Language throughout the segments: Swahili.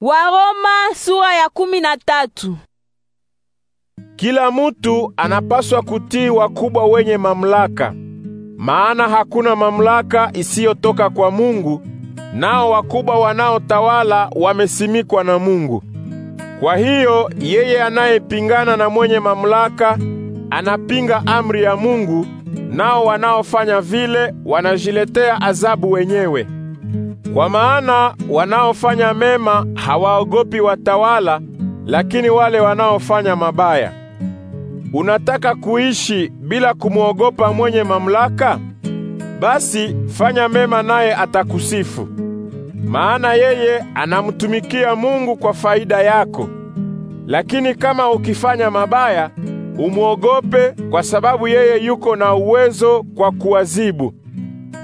Waroma sura ya kumi na tatu. Kila mutu anapaswa kutii wakubwa wenye mamlaka, maana hakuna mamlaka isiyotoka kwa Mungu, nao wakubwa wanaotawala wamesimikwa na Mungu. Kwa hiyo yeye anayepingana na mwenye mamlaka anapinga amri ya Mungu, nao wanaofanya vile wanajiletea adhabu wenyewe. Kwa maana wanaofanya mema hawaogopi watawala, lakini wale wanaofanya mabaya. Unataka kuishi bila kumwogopa mwenye mamlaka? Basi fanya mema naye atakusifu. Maana yeye anamtumikia Mungu kwa faida yako. Lakini kama ukifanya mabaya, umwogope kwa sababu yeye yuko na uwezo kwa kuwazibu.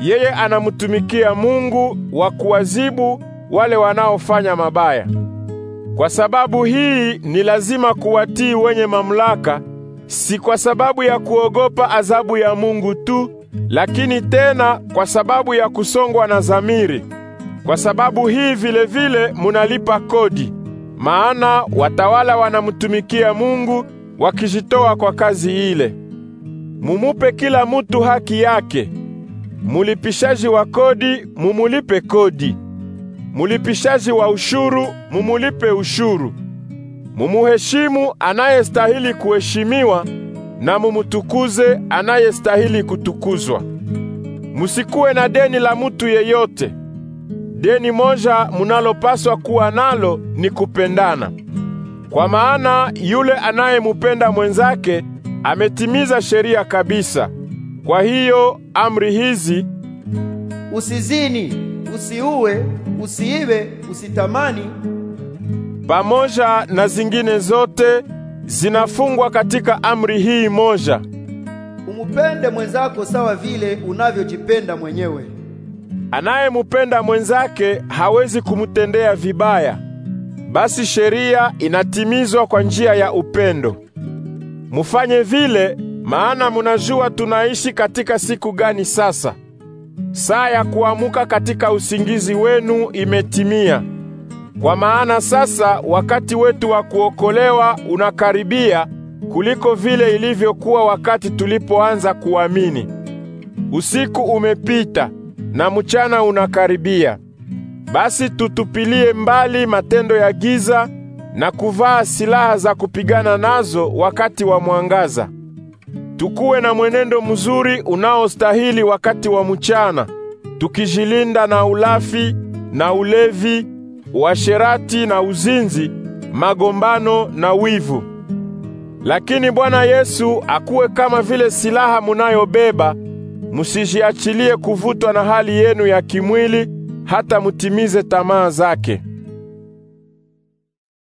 Yeye anamtumikia Mungu wa kuwazibu wale wanaofanya mabaya. Kwa sababu hii ni lazima kuwatii wenye mamlaka, si kwa sababu ya kuogopa adhabu ya Mungu tu, lakini tena kwa sababu ya kusongwa na dhamiri. Kwa sababu hii vilevile munalipa kodi, maana watawala wanamtumikia Mungu wakijitoa kwa kazi ile. Mumupe kila mutu haki yake. Mulipishaji wa kodi mumulipe kodi, mulipishaji wa ushuru mumulipe ushuru, mumuheshimu anayestahili kuheshimiwa na mumutukuze anayestahili kutukuzwa. Musikuwe na deni la mutu yeyote. Deni moja munalopaswa kuwa nalo ni kupendana, kwa maana yule anayemupenda mwenzake ametimiza sheria kabisa. Kwa hiyo amri hizi: usizini usiue, usiibe, usitamani pamoja na zingine zote zinafungwa katika amri hii moja: umupende mwenzako sawa vile unavyojipenda mwenyewe. Anayemupenda mwenzake hawezi kumtendea vibaya. Basi sheria inatimizwa kwa njia ya upendo. Mufanye vile, maana munajua tunaishi katika siku gani sasa. Saa ya kuamuka katika usingizi wenu imetimia. Kwa maana sasa wakati wetu wa kuokolewa unakaribia kuliko vile ilivyokuwa wakati tulipoanza kuamini. Usiku umepita na mchana unakaribia. Basi tutupilie mbali matendo ya giza na kuvaa silaha za kupigana nazo wakati wa mwangaza tukuwe na mwenendo mzuri unaostahili wakati wa mchana, tukijilinda na ulafi na ulevi, uasherati na uzinzi, magombano na wivu. Lakini Bwana Yesu akuwe kama vile silaha munayobeba, musijiachilie kuvutwa na hali yenu ya kimwili hata mutimize tamaa zake.